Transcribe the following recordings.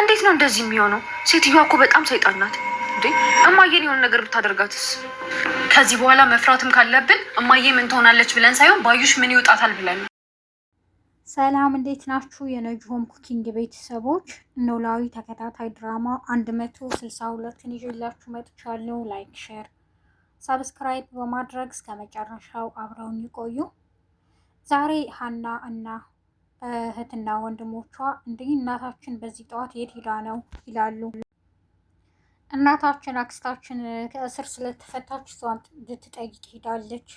እንዴት ነው እንደዚህ የሚሆነው? ሴትዮዋ እኮ በጣም ሰይጣን ናት። እንዴ እማዬን የሆነ ነገር ብታደርጋትስ? ከዚህ በኋላ መፍራትም ካለብን እማዬ ምን ትሆናለች ብለን ሳይሆን ባዩሽ ምን ይውጣታል ብለን። ሰላም እንዴት ናችሁ? የነጁ ሆም ኩኪንግ ቤተሰቦች ኖላዊ ተከታታይ ድራማ 162ን ይዤላችሁ መጥቻለሁ። ላይክ፣ ሼር፣ ሰብስክራይብ በማድረግ እስከ መጨረሻው አብረውን ይቆዩ። ዛሬ ሀና እና እህትና ወንድሞቿ እንዲህ እናታችን በዚህ ጠዋት የት ሄዳ ነው ይላሉ። እናታችን አክስታችን ከእስር ስለተፈታች እሷን ልትጠይቅ ሄዳለች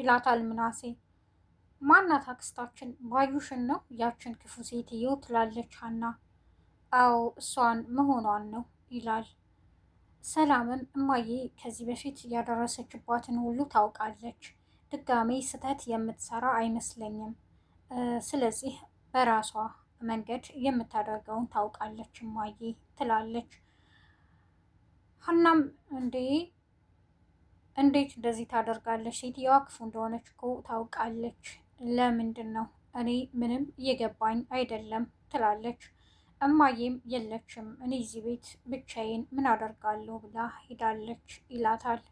ይላታል ምናሴ። ማናት አክስታችን? ባዩሽን ነው ያችን ክፉ ሴትየው ትላለች ሀና። አዎ እሷን መሆኗን ነው ይላል። ሰላምም እማዬ ከዚህ በፊት ያደረሰችባትን ሁሉ ታውቃለች። ድጋሜ ስህተት የምትሰራ አይመስለኝም ስለዚህ በራሷ መንገድ የምታደርገውን ታውቃለች እማዬ ትላለች። ሀናም እንዴ እንዴት እንደዚህ ታደርጋለች? ሴትየዋ ክፉ እንደሆነች እኮ ታውቃለች። ለምንድን ነው እኔ ምንም እየገባኝ አይደለም ትላለች። እማዬም የለችም እኔ እዚህ ቤት ብቻዬን ምን አደርጋለሁ ብላ ሄዳለች ይላታል።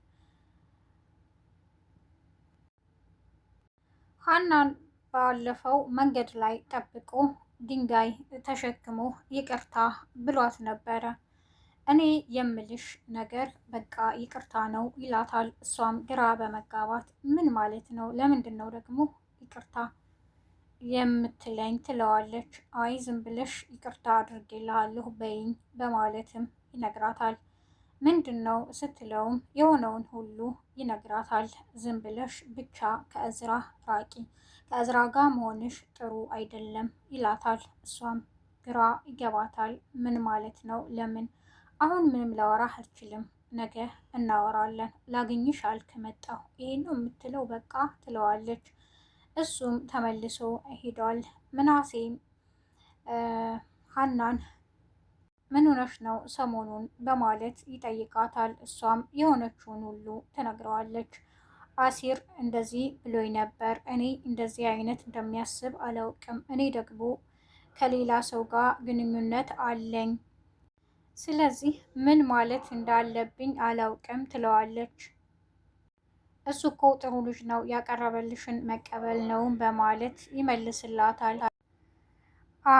ሀናን ባለፈው መንገድ ላይ ጠብቆ ድንጋይ ተሸክሞ ይቅርታ ብሏት ነበረ። እኔ የምልሽ ነገር በቃ ይቅርታ ነው ይላታል። እሷም ግራ በመጋባት ምን ማለት ነው? ለምንድን ነው ደግሞ ይቅርታ የምትለኝ ትለዋለች። አይ ዝም ብለሽ ይቅርታ አድርጌልሃለሁ በይኝ በማለትም ይነግራታል። ምንድን ነው ስትለውም የሆነውን ሁሉ ይነግራታል። ዝም ብለሽ ብቻ ከእዝራ ራቂ፣ ከእዝራ ጋር መሆንሽ ጥሩ አይደለም ይላታል። እሷም ግራ ይገባታል። ምን ማለት ነው? ለምን አሁን ምንም ላወራህ አልችልም፣ ነገ እናወራለን፣ ላግኝሽ አልክ መጣሁ፣ ይሄን ነው የምትለው? በቃ ትለዋለች። እሱም ተመልሶ ሄዷል። ምናሴም ሀናን ምን ሆነሽ ነው ሰሞኑን በማለት ይጠይቃታል። እሷም የሆነችውን ሁሉ ተነግረዋለች። አሲር እንደዚህ ብሎኝ ነበር። እኔ እንደዚህ አይነት እንደሚያስብ አላውቅም። እኔ ደግሞ ከሌላ ሰው ጋር ግንኙነት አለኝ። ስለዚህ ምን ማለት እንዳለብኝ አላውቅም ትለዋለች። እሱ እኮ ጥሩ ልጅ ነው፣ ያቀረበልሽን መቀበል ነው በማለት ይመልስላታል።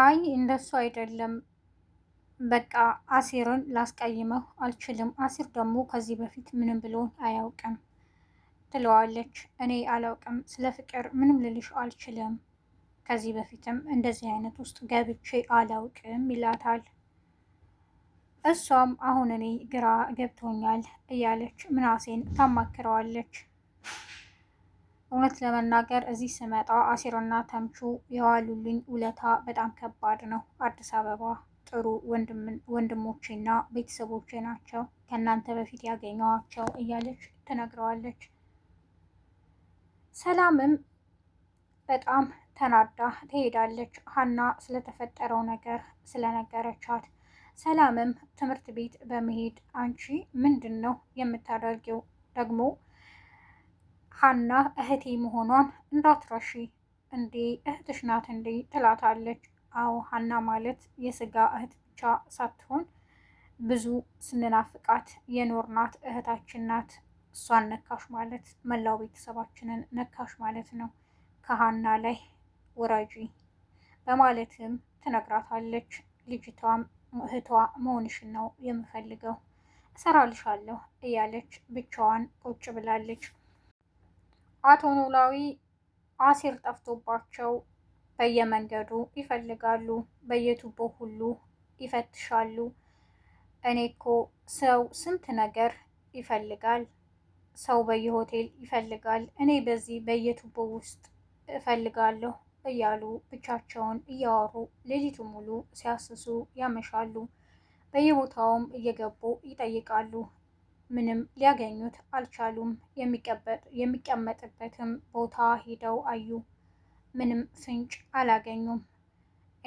አይ እንደሱ አይደለም በቃ አሲርን ላስቀይመው አልችልም። አሲር ደግሞ ከዚህ በፊት ምንም ብሎን አያውቅም ትለዋለች። እኔ አላውቅም ስለ ፍቅር ምንም ልልሽ አልችልም። ከዚህ በፊትም እንደዚህ አይነት ውስጥ ገብቼ አላውቅም ይላታል። እሷም አሁን እኔ ግራ ገብቶኛል እያለች ምናሴን ታማክረዋለች። እውነት ለመናገር እዚህ ስመጣ አሴርና ተምቹ የዋሉልኝ ውለታ በጣም ከባድ ነው። አዲስ አበባ ጥሩ ወንድሞቼና ቤተሰቦቼ ናቸው ከእናንተ በፊት ያገኘዋቸው እያለች ትነግረዋለች። ሰላምም በጣም ተናዳ ትሄዳለች። ሀና ስለተፈጠረው ነገር ስለነገረቻት ሰላምም ትምህርት ቤት በመሄድ አንቺ ምንድን ነው የምታደርጊው? ደግሞ ሀና እህቴ መሆኗን እንዳትረሺ እንዴ እህትሽ ናት እንዴ ትላታለች። አዎ ሀና ማለት የስጋ እህት ብቻ ሳትሆን ብዙ ስንናፍቃት የኖርናት እህታችን ናት። እሷን ነካሽ ማለት መላው ቤተሰባችንን ነካሽ ማለት ነው። ከሀና ላይ ውረጂ በማለትም ትነግራታለች። ልጅቷም እህቷ መሆንሽን ነው የምፈልገው እሰራልሻለሁ እያለች ብቻዋን ቁጭ ብላለች። አቶ ኖላዊ አሲር ጠፍቶባቸው በየመንገዱ ይፈልጋሉ፣ በየቱቦ ሁሉ ይፈትሻሉ። እኔ እኮ ሰው ስንት ነገር ይፈልጋል። ሰው በየሆቴል ይፈልጋል። እኔ በዚህ በየቱቦ ውስጥ እፈልጋለሁ እያሉ ብቻቸውን እያወሩ ሌሊቱ ሙሉ ሲያስሱ ያመሻሉ። በየቦታውም እየገቡ ይጠይቃሉ። ምንም ሊያገኙት አልቻሉም። የሚቀመጥበትም ቦታ ሂደው አዩ። ምንም ፍንጭ አላገኙም።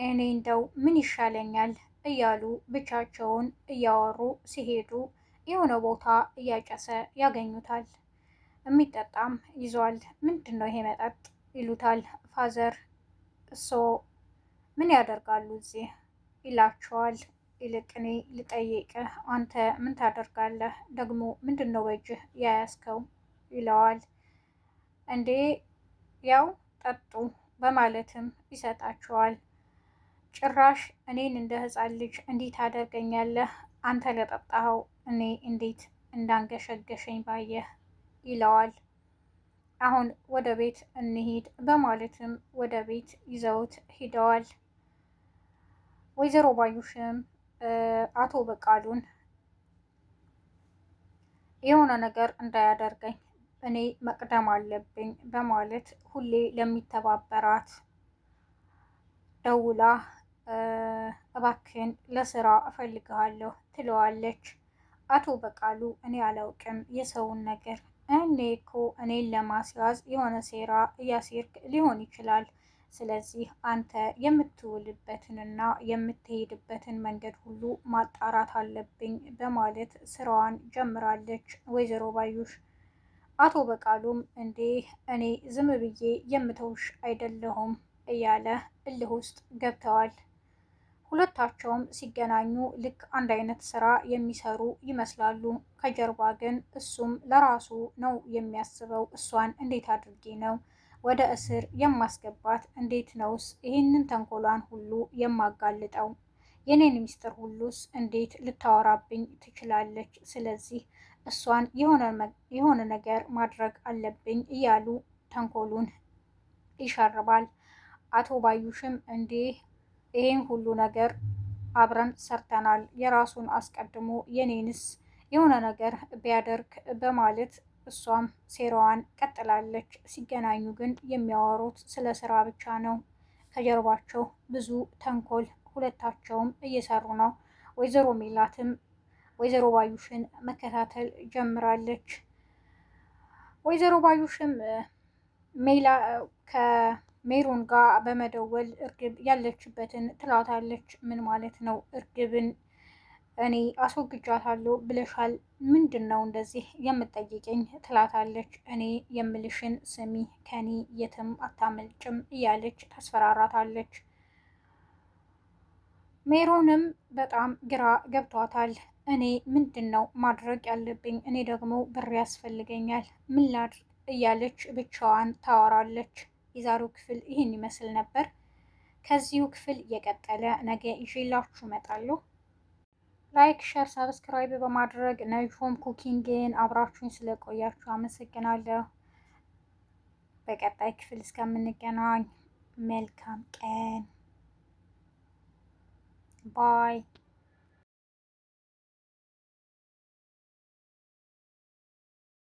እኔ እንደው ምን ይሻለኛል እያሉ ብቻቸውን እያወሩ ሲሄዱ የሆነ ቦታ እያጨሰ ያገኙታል። የሚጠጣም ይዟል። ምንድን ነው ይሄ መጠጥ ይሉታል። ፋዘር እሶ ምን ያደርጋሉ እዚህ ይላቸዋል። ይልቅ እኔ ልጠይቅህ፣ አንተ ምን ታደርጋለህ? ደግሞ ምንድን ነው በእጅህ ያያዝከው? ይለዋል። እንዴ ያው ጠጡ በማለትም ይሰጣቸዋል። ጭራሽ እኔን እንደ ህፃን ልጅ እንዲህ ታደርገኛለህ? አንተ ለጠጣኸው እኔ እንዴት እንዳንገሸገሸኝ ባየህ ይለዋል። አሁን ወደ ቤት እንሂድ በማለትም ወደ ቤት ይዘውት ሂደዋል። ወይዘሮ ባዩሽም አቶ በቃሉን የሆነ ነገር እንዳያደርገኝ እኔ መቅደም አለብኝ በማለት ሁሌ ለሚተባበራት ደውላ እባክን ለስራ እፈልግሃለሁ ትለዋለች። አቶ በቃሉ እኔ አላውቅም የሰውን ነገር እኔ እኮ እኔን ለማስያዝ የሆነ ሴራ እያሴርክ ሊሆን ይችላል። ስለዚህ አንተ የምትውልበትንና የምትሄድበትን መንገድ ሁሉ ማጣራት አለብኝ በማለት ስራዋን ጀምራለች ወይዘሮ ባዩሽ አቶ በቃሉም እንዴ እኔ ዝም ብዬ የምተውሽ አይደለሁም እያለ እልህ ውስጥ ገብተዋል። ሁለታቸውም ሲገናኙ ልክ አንድ አይነት ስራ የሚሰሩ ይመስላሉ። ከጀርባ ግን እሱም ለራሱ ነው የሚያስበው። እሷን እንዴት አድርጌ ነው ወደ እስር የማስገባት? እንዴት ነውስ ይህንን ተንኮሏን ሁሉ የማጋልጠው? የኔን ሚስጥር ሁሉስ እንዴት ልታወራብኝ ትችላለች? ስለዚህ እሷን የሆነ ነገር ማድረግ አለብኝ እያሉ ተንኮሉን ይሸርባል። አቶ ባዩሽም እንዲህ ይሄን ሁሉ ነገር አብረን ሰርተናል፣ የራሱን አስቀድሞ የኔንስ የሆነ ነገር ቢያደርግ በማለት እሷም ሴራዋን ቀጥላለች። ሲገናኙ ግን የሚያወሩት ስለ ስራ ብቻ ነው። ከጀርባቸው ብዙ ተንኮል ሁለታቸውም እየሰሩ ነው። ወይዘሮ ሜላትም ወይዘሮ ባዩሽን መከታተል ጀምራለች። ወይዘሮ ባዩሽም ሜላ ከሜሮን ጋር በመደወል እርግብ ያለችበትን ትላታለች። ምን ማለት ነው? እርግብን እኔ አስወግጃታለሁ ብለሻል። ምንድን ነው እንደዚህ የምጠይቅኝ? ትላታለች። እኔ የምልሽን ስሚ፣ ከኔ የትም አታመልጭም እያለች ታስፈራራታለች። ሜሮንም በጣም ግራ ገብቷታል። እኔ ምንድን ነው ማድረግ ያለብኝ? እኔ ደግሞ ብር ያስፈልገኛል፣ ምን ላድርግ? እያለች ብቻዋን ታወራለች። የዛሬው ክፍል ይህን ይመስል ነበር። ከዚሁ ክፍል የቀጠለ ነገ ይዤላችሁ እመጣለሁ። ላይክ፣ ሸር፣ ሰብስክራይብ በማድረግ ነጅሆም ኩኪንግን አብራችሁን ስለቆያችሁ አመሰግናለሁ። በቀጣይ ክፍል እስከምንገናኝ መልካም ቀን። ባይ